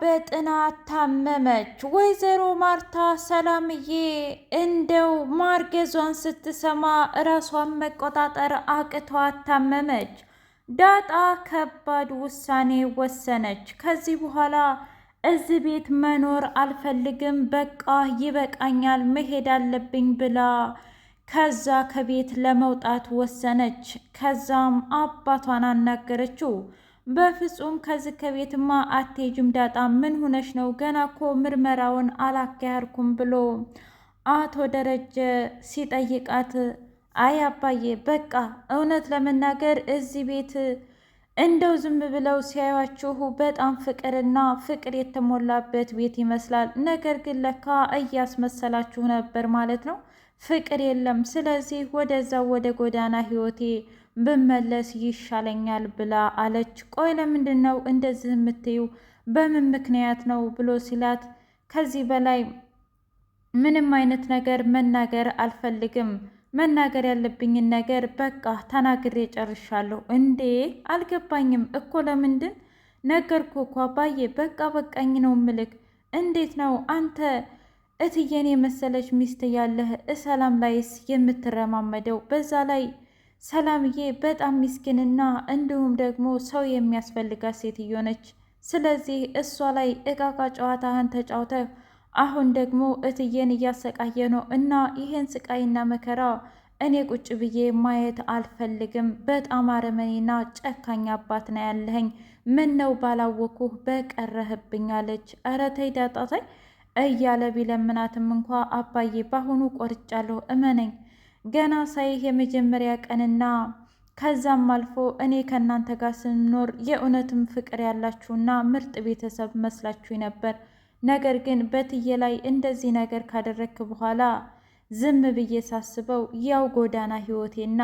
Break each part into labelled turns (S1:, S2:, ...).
S1: በጥናት ታመመች። ወይዘሮ ማርታ ሰላምዬ እንደው ማርገዟን ስትሰማ እራሷን መቆጣጠር አቅቷት ታመመች። ዳጣ ከባድ ውሳኔ ወሰነች። ከዚህ በኋላ እዚህ ቤት መኖር አልፈልግም፣ በቃ ይበቃኛል፣ መሄድ አለብኝ ብላ ከዛ ከቤት ለመውጣት ወሰነች። ከዛም አባቷን አናገረችው። በፍጹም ከዚህ ከቤትማ አትሄጂም ዳጣ፣ ምን ሁነሽ ነው? ገና እኮ ምርመራውን አላካያርኩም ብሎ አቶ ደረጀ ሲጠይቃት፣ አይ አባዬ፣ በቃ እውነት ለመናገር እዚህ ቤት እንደው ዝም ብለው ሲያያችሁ በጣም ፍቅርና ፍቅር የተሞላበት ቤት ይመስላል። ነገር ግን ለካ እያስመሰላችሁ ነበር ማለት ነው። ፍቅር የለም። ስለዚህ ወደዛው ወደ ጎዳና ህይወቴ ብመለስ ይሻለኛል ብላ አለች። ቆይ ለምንድን ነው እንደዚህ የምትዩ? በምን ምክንያት ነው ብሎ ሲላት ከዚህ በላይ ምንም አይነት ነገር መናገር አልፈልግም። መናገር ያለብኝን ነገር በቃ ተናግሬ ጨርሻለሁ። እንዴ አልገባኝም እኮ ለምንድን ነገርኩ እኮ አባዬ። በቃ በቃኝ ነው ምልክ። እንዴት ነው አንተ እትዬን የመሰለች ሚስት ያለህ እሰላም ላይስ የምትረማመደው? በዛ ላይ ሰላምዬ በጣም ሚስኪንና እንዲሁም ደግሞ ሰው የሚያስፈልጋት ሴትዮ ነች። ስለዚህ እሷ ላይ እቃቃ ጨዋታህን ተጫውተ አሁን ደግሞ እትዬን እያሰቃየ ነው እና ይህን ስቃይና መከራ እኔ ቁጭ ብዬ ማየት አልፈልግም። በጣም አረመኔና ጨካኝ አባት ነው ያለኸኝ። ምን ነው ባላወኩህ በቀረህብኛለች። እረ ተይ ዳጣታይ እያለ ቢለምናትም እንኳ አባዬ በአሁኑ ቆርጫለሁ እመነኝ ገና ሳይህ የመጀመሪያ ቀንና ከዛም አልፎ እኔ ከእናንተ ጋር ስንኖር የእውነትም ፍቅር ያላችሁና ምርጥ ቤተሰብ መስላችሁ ነበር። ነገር ግን በትዬ ላይ እንደዚህ ነገር ካደረክ በኋላ ዝም ብዬ ሳስበው ያው ጎዳና ህይወቴና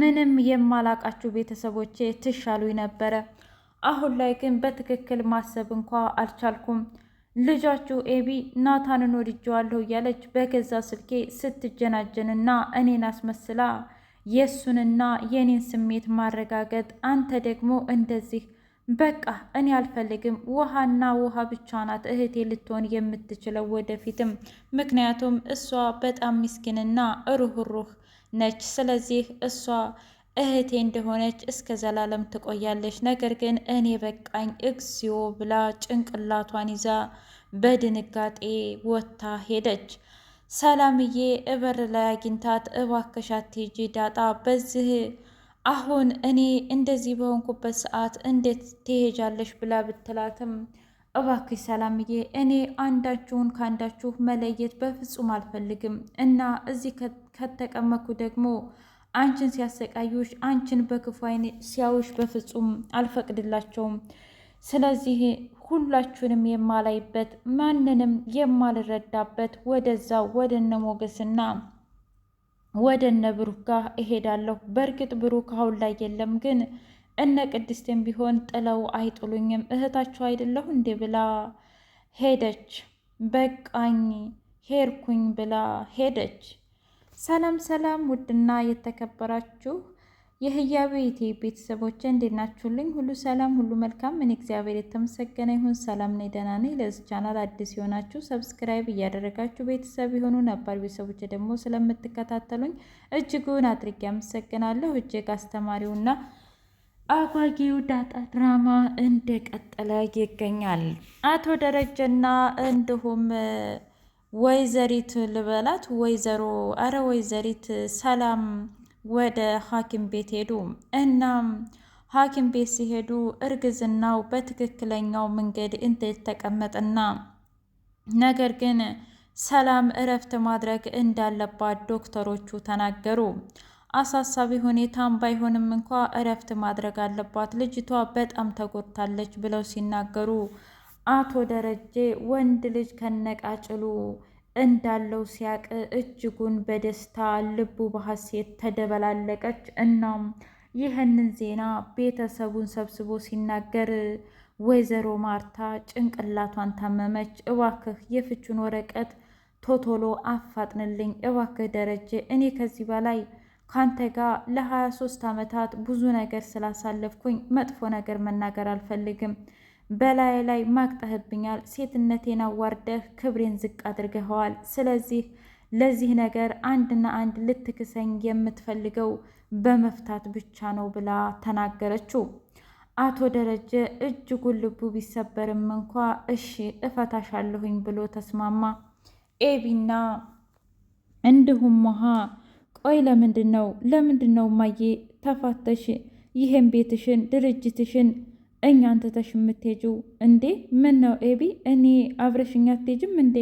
S1: ምንም የማላቃችሁ ቤተሰቦቼ ትሻሉኝ ነበረ። አሁን ላይ ግን በትክክል ማሰብ እንኳ አልቻልኩም። ልጃችሁ ኤቢ ናታንን ወድጀዋለሁ እያለች በገዛ ስልኬ ስትጀናጀንና እኔን አስመስላ የእሱንና የኔን ስሜት ማረጋገጥ፣ አንተ ደግሞ እንደዚህ በቃ እኔ አልፈልግም። ውሃና ውሃ ብቻ ናት እህቴ ልትሆን የምትችለው ወደፊትም። ምክንያቱም እሷ በጣም ምስኪንና ሩህሩህ ነች። ስለዚህ እሷ እህቴ እንደሆነች እስከ ዘላለም ትቆያለች። ነገር ግን እኔ በቃኝ እግዚኦ ብላ ጭንቅላቷን ይዛ በድንጋጤ ወጥታ ሄደች። ሰላምዬ እበር ላይ አግኝታት እባክሽ አትሂጂ ዳጣ፣ በዚህ አሁን እኔ እንደዚህ በሆንኩበት ሰዓት እንዴት ትሄጃለሽ ብላ ብትላትም እባክሽ ሰላምዬ እኔ አንዳችሁን ከአንዳችሁ መለየት በፍጹም አልፈልግም እና እዚህ ከተቀመኩ ደግሞ አንቺን ሲያሰቃዩሽ፣ አንቺን በክፉ ሲያውሽ ሲያዩሽ በፍጹም አልፈቅድላቸውም። ስለዚህ ሁላችሁንም የማላይበት ማንንም የማልረዳበት ወደዛ ወደነ ሞገስና ወደነ ብሩክ ጋር እሄዳለሁ። በእርግጥ ብሩክ አሁን ላይ የለም፣ ግን እነ ቅድስትን ቢሆን ጥለው አይጥሉኝም። እህታችሁ አይደለሁ እንዴ ብላ ሄደች። በቃኝ ሄርኩኝ ብላ ሄደች። ሰላም ሰላም! ውድና የተከበራችሁ የህያቤቴ ቤተሰቦች እንዴት ናችሁልኝ? ሁሉ ሰላም፣ ሁሉ መልካም። ምን እግዚአብሔር የተመሰገነ ይሁን። ሰላም ነኝ፣ ደህና ነኝ። ለዚህ ቻናል አዲስ የሆናችሁ ሰብስክራይብ እያደረጋችሁ ቤተሰብ የሆኑ ነባር ቤተሰቦች ደግሞ ስለምትከታተሉኝ እጅጉን አድርጌ አመሰግናለሁ። እጅግ አስተማሪውና አጓጊው ዳጣ ድራማ እንደቀጠለ ይገኛል። አቶ ደረጀና እንዲሁም ወይዘሪት ልበላት ወይዘሮ አረ ወይዘሪት ሰላም ወደ ሐኪም ቤት ሄዱ። እናም ሐኪም ቤት ሲሄዱ እርግዝናው በትክክለኛው መንገድ እንደተቀመጠና ነገር ግን ሰላም እረፍት ማድረግ እንዳለባት ዶክተሮቹ ተናገሩ። አሳሳቢ ሁኔታም ባይሆንም እንኳ እረፍት ማድረግ አለባት፣ ልጅቷ በጣም ተጎድታለች ብለው ሲናገሩ አቶ ደረጀ ወንድ ልጅ ከነቃጭሉ እንዳለው ሲያቅ እጅጉን በደስታ ልቡ በሐሴት ተደበላለቀች። እናም ይህንን ዜና ቤተሰቡን ሰብስቦ ሲናገር ወይዘሮ ማርታ ጭንቅላቷን ታመመች። እባክህ የፍቹን ወረቀት ቶቶሎ አፋጥንልኝ እባክህ ደረጀ፣ እኔ ከዚህ በላይ ካንተ ጋር ለ23 ዓመታት ብዙ ነገር ስላሳለፍኩኝ መጥፎ ነገር መናገር አልፈልግም በላይ ላይ ማቅጠህብኛል፣ ሴትነቴን አዋርደህ ክብሬን ዝቅ አድርገኸዋል። ስለዚህ ለዚህ ነገር አንድና አንድ ልትክሰኝ የምትፈልገው በመፍታት ብቻ ነው ብላ ተናገረችው። አቶ ደረጀ እጅጉን ልቡ ቢሰበርም እንኳ እሺ እፈታሻለሁኝ ብሎ ተስማማ። ኤቢና እንዲሁም ውሃ ቆይ ለምንድን ነው ለምንድን ነው ማዬ ተፋተሽ ይህን ቤትሽን ድርጅትሽን እኛን ትተሽ የምትሄጂው እንዴ? ምን ነው ኤቢ፣ እኔ አብረሽኛ አትሄጂም እንዴ?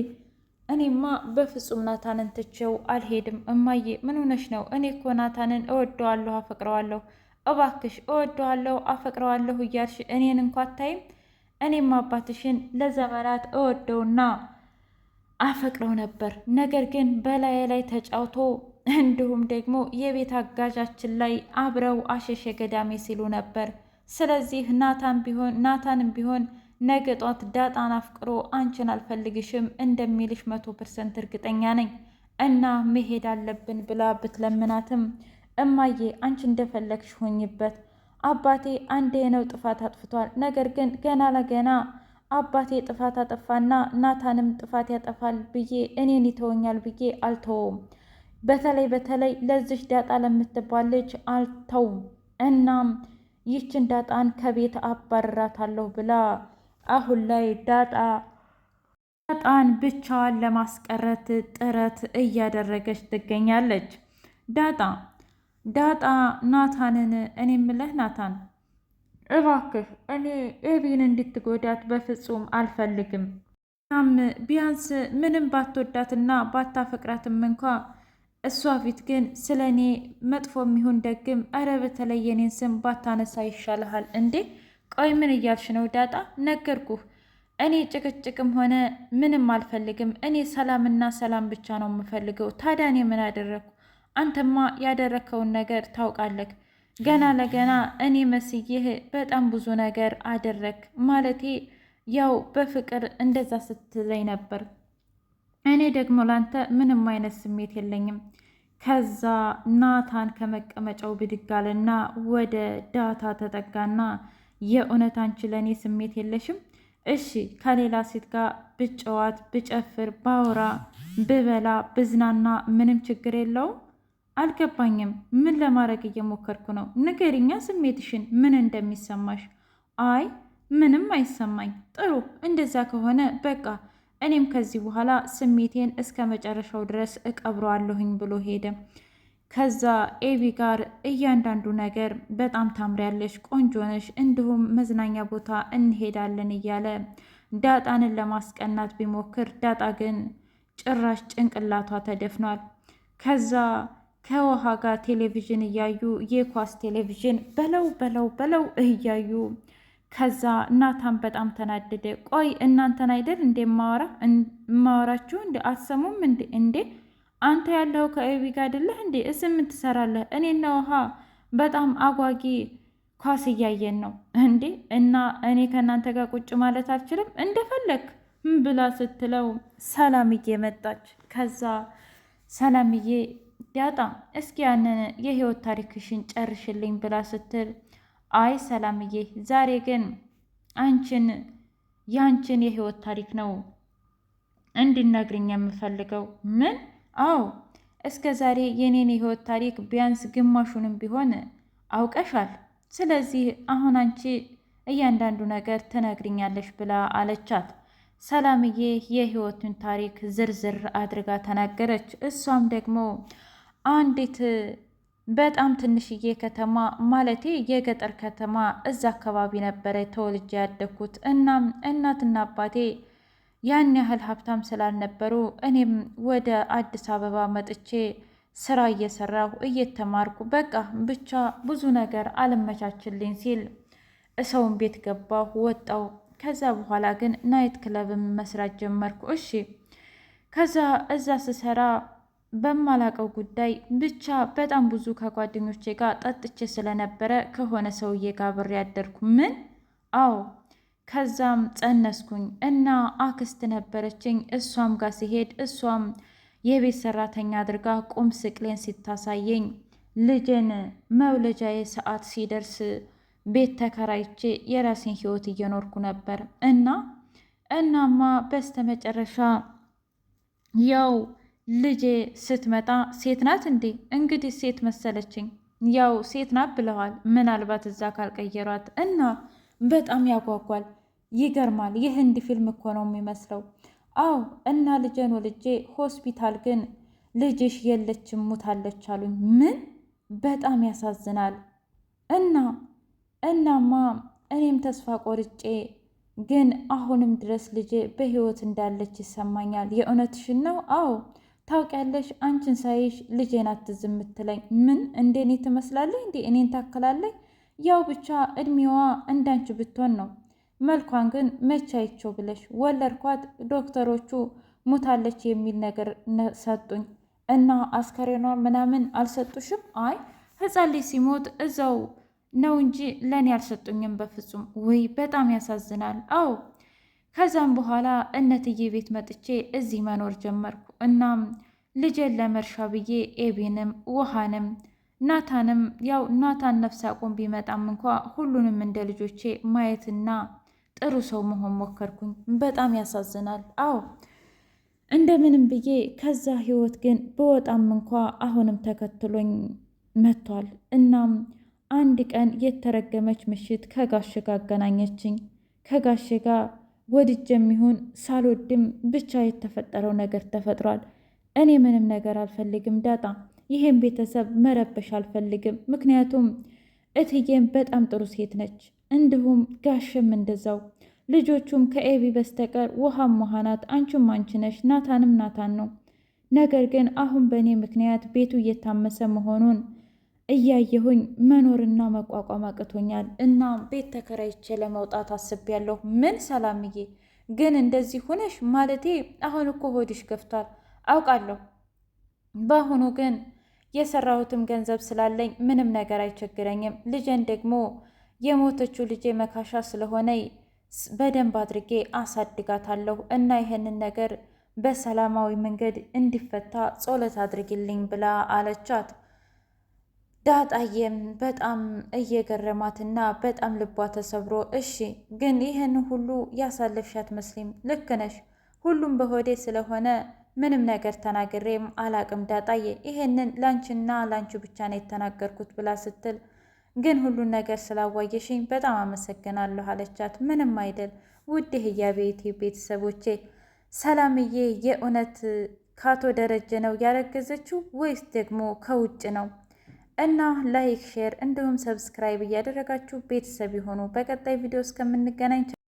S1: እኔማ በፍጹም ናታንን ትቼው አልሄድም። እማዬ ምን ሆነሽ ነው? እኔ እኮ ናታንን እወደዋለሁ፣ አፈቅረዋለሁ። እባክሽ እወደዋለሁ፣ አፈቅረዋለሁ እያልሽ እኔን እንኳ አታይም። እኔም አባትሽን ለዘመናት እወደውና አፈቅረው ነበር። ነገር ግን በላይ ላይ ተጫውቶ እንዲሁም ደግሞ የቤት አጋዣችን ላይ አብረው አሸሸ ገዳሜ ሲሉ ነበር ስለዚህ ናታን ቢሆን ናታንም ቢሆን ነገ ጧት ዳጣን አፍቅሮ አንቺን አልፈልግሽም እንደሚልሽ መቶ ፐርሰንት እርግጠኛ ነኝ እና መሄድ አለብን ብላ ብትለምናትም እማዬ አንቺ እንደፈለግሽ ሆኝበት አባቴ አንዴ ነው ጥፋት አጥፍቷል። ነገር ግን ገና ለገና አባቴ ጥፋት አጠፋና ናታንም ጥፋት ያጠፋል ብዬ እኔን ይተወኛል ብዬ አልተውም። በተለይ በተለይ ለዚሽ ዳጣ ለምትባል ልጅ አልተውም። እናም ይህችን ዳጣን ከቤት አባረራታለሁ ብላ አሁን ላይ ዳጣ ዳጣን ብቻዋን ለማስቀረት ጥረት እያደረገች ትገኛለች። ዳጣ ዳጣ ናታንን እኔ ምለህ ናታን እባክህ እኔ ኤቢን እንድትጎዳት በፍጹም አልፈልግም። ናም ቢያንስ ምንም ባትወዳትና ባታፈቅራትም እንኳ እሷ ፊት ግን ስለ እኔ መጥፎ የሚሆን ደግም፣ እረ በተለይ የኔን ስም ባታነሳ ይሻልሃል። እንዴ ቆይ ምን እያልሽ ነው ዳጣ? ነገርኩህ እኔ ጭቅጭቅም ሆነ ምንም አልፈልግም። እኔ ሰላምና ሰላም ብቻ ነው የምፈልገው። ታዲያ እኔ ምን አደረግኩ? አንተማ ያደረግከውን ነገር ታውቃለህ። ገና ለገና እኔ መስዬህ በጣም ብዙ ነገር አደረግ። ማለቴ ያው በፍቅር እንደዛ ስትለኝ ነበር እኔ ደግሞ ላንተ ምንም አይነት ስሜት የለኝም። ከዛ ናታን ከመቀመጫው ብድጋልና ወደ ዳታ ተጠጋና የእውነት አንቺ ለእኔ ስሜት የለሽም? እሺ ከሌላ ሴት ጋር ብጨዋት፣ ብጨፍር፣ ባውራ፣ ብበላ፣ ብዝናና ምንም ችግር የለውም? አልገባኝም። ምን ለማድረግ እየሞከርኩ ነው? ንገሪኛ ስሜትሽን፣ ምን እንደሚሰማሽ። አይ ምንም አይሰማኝ። ጥሩ እንደዛ ከሆነ በቃ እኔም ከዚህ በኋላ ስሜቴን እስከ መጨረሻው ድረስ እቀብረዋለሁኝ ብሎ ሄደ። ከዛ ኤቪ ጋር እያንዳንዱ ነገር በጣም ታምሪያለሽ፣ ቆንጆ ነሽ፣ እንዲሁም መዝናኛ ቦታ እንሄዳለን እያለ ዳጣንን ለማስቀናት ቢሞክር ዳጣ ግን ጭራሽ ጭንቅላቷ ተደፍኗል። ከዛ ከውሃ ጋር ቴሌቪዥን እያዩ የኳስ ቴሌቪዥን በለው በለው በለው እያዩ ከዛ እናታን በጣም ተናደደ። ቆይ እናንተን አይደል እንዴ ማወራ ማወራችሁ እንዴ አትሰሙም እንዴ? እንዴ አንተ ያለው ከኤቢ ጋር አይደለህ እንዴ? እዚህ ምን ትሰራለህ? እኔና ውሃ በጣም አጓጊ ኳስ እያየን ነው እንዴ? እና እኔ ከእናንተ ጋር ቁጭ ማለት አልችልም እንደፈለግ ብላ ስትለው ሰላምዬ መጣች። ከዛ ሰላምዬ ዳጣ እስኪ ያንን የህይወት ታሪክሽን ጨርሽልኝ ብላ ስትል አይ ሰላምዬ፣ ዛሬ ግን አንቺን ያንቺን የህይወት ታሪክ ነው እንድነግርኝ የምፈልገው። ምን? አዎ እስከ ዛሬ የኔን የህይወት ታሪክ ቢያንስ ግማሹንም ቢሆን አውቀሻል። ስለዚህ አሁን አንቺ እያንዳንዱ ነገር ትነግርኛለሽ ብላ አለቻት። ሰላምዬ የህይወቱን ታሪክ ዝርዝር አድርጋ ተናገረች። እሷም ደግሞ አንዲት በጣም ትንሽዬ ከተማ ማለቴ የገጠር ከተማ እዛ አካባቢ ነበረ ተወልጄ ያደግኩት። እናም እናትና አባቴ ያን ያህል ሀብታም ስላልነበሩ እኔም ወደ አዲስ አበባ መጥቼ ስራ እየሰራሁ እየተማርኩ በቃ ብቻ ብዙ ነገር አልመቻችልኝ ሲል እሰውን ቤት ገባሁ ወጣሁ። ከዛ በኋላ ግን ናይት ክለብም መስራት ጀመርኩ። እሺ ከዛ እዛ ስሰራ በማላቀው ጉዳይ ብቻ በጣም ብዙ ከጓደኞቼ ጋር ጠጥቼ ስለነበረ ከሆነ ሰውዬ ጋር ብሬ ያደርኩ። ምን? አዎ። ከዛም ጸነስኩኝ እና አክስት ነበረችኝ። እሷም ጋር ሲሄድ እሷም የቤት ሰራተኛ አድርጋ ቁም ስቅሌን ሲታሳየኝ ልጅን መውለጃዬ ሰዓት ሲደርስ ቤት ተከራይቼ የራሴን ህይወት እየኖርኩ ነበር እና እናማ በስተመጨረሻ ያው ልጄ ስትመጣ ሴት ናት እንዴ? እንግዲህ ሴት መሰለችኝ። ያው ሴት ናት ብለዋል። ምናልባት እዛ ካልቀየሯት እና በጣም ያጓጓል። ይገርማል። የህንድ ፊልም እኮ ነው የሚመስለው። አዎ እና ልጄን ወልጄ ሆስፒታል ግን ልጅሽ የለችም ሙታለች አሉኝ። ምን? በጣም ያሳዝናል። እና እናማ እኔም ተስፋ ቆርጬ ግን አሁንም ድረስ ልጄ በህይወት እንዳለች ይሰማኛል። የእውነትሽን ነው? አዎ ታውቂያለሽ፣ አንቺን ሳይሽ ልጄን አትዝ የምትለኝ ምን? እንደኔ ትመስላለህ እንዴ? እኔን ታክላለህ? ያው ብቻ እድሜዋ እንዳንቺ ብትሆን ነው። መልኳን ግን መቼ አይቼው ብለሽ ወለድኳት። ዶክተሮቹ ሙታለች የሚል ነገር ሰጡኝ እና አስከሬኗ ምናምን አልሰጡሽም? አይ ህፃን ልጅ ሲሞት እዛው ነው እንጂ ለእኔ አልሰጡኝም በፍጹም። ወይ በጣም ያሳዝናል። አዎ ከዛም በኋላ እነትዬ ቤት መጥቼ እዚህ መኖር ጀመርኩ። እናም ልጄን ለመርሻ ብዬ ኤቤንም ውሃንም ናታንም ያው ናታን ነፍስ አቁም ቢመጣም እንኳ ሁሉንም እንደ ልጆቼ ማየትና ጥሩ ሰው መሆን ሞከርኩኝ። በጣም ያሳዝናል። አዎ እንደምንም ብዬ ከዛ ህይወት ግን በወጣም እንኳ አሁንም ተከትሎኝ መጥቷል። እናም አንድ ቀን የተረገመች ምሽት ከጋሽ አገናኘችኝ። ከጋሽ ወድጅ የሚሆን ሳልወድም ብቻ የተፈጠረው ነገር ተፈጥሯል። እኔ ምንም ነገር አልፈልግም ዳጣ፣ ይህም ቤተሰብ መረበሽ አልፈልግም። ምክንያቱም እትዬም በጣም ጥሩ ሴት ነች፣ እንዲሁም ጋሽም እንደዛው። ልጆቹም ከኤቢ በስተቀር ውሃም ውሃ ናት፣ አንቺም አንቺ ነሽ፣ ናታንም ናታን ነው። ነገር ግን አሁን በእኔ ምክንያት ቤቱ እየታመሰ መሆኑን እያየሁኝ መኖርና መቋቋም አቅቶኛል እና ቤት ተከራይቼ ለመውጣት አስቤያለሁ። ምን ሰላምዬ፣ ግን እንደዚህ ሆነሽ ማለቴ አሁን እኮ ሆድሽ ገፍቷል አውቃለሁ። በአሁኑ ግን የሰራሁትም ገንዘብ ስላለኝ ምንም ነገር አይቸግረኝም። ልጄን ደግሞ የሞተችው ልጄ መካሻ ስለሆነ በደንብ አድርጌ አሳድጋታለሁ እና ይህንን ነገር በሰላማዊ መንገድ እንዲፈታ ጸሎት አድርግልኝ ብላ አለቻት። ዳጣዬም በጣም እየገረማትና በጣም ልቧ ተሰብሮ እሺ ግን ይህን ሁሉ ያሳለፍሻት መስሊም ልክ ነሽ፣ ሁሉም በሆዴ ስለሆነ ምንም ነገር ተናግሬም አላቅም ዳጣዬ፣ ይህንን ላንቺና ላንቺ ብቻ ነው የተናገርኩት ብላ ስትል ግን ሁሉን ነገር ስላዋየሽኝ በጣም አመሰግናለሁ አለቻት። ምንም አይደል ውድ ህያቤቴ ቤተሰቦቼ፣ ሰላምዬ የእውነት ከአቶ ደረጀ ነው ያረገዘችው ወይስ ደግሞ ከውጭ ነው? እና ላይክ፣ ሼር እንዲሁም ሰብስክራይብ እያደረጋችሁ ቤተሰብ የሆኑ በቀጣይ ቪዲዮ እስከምንገናኝ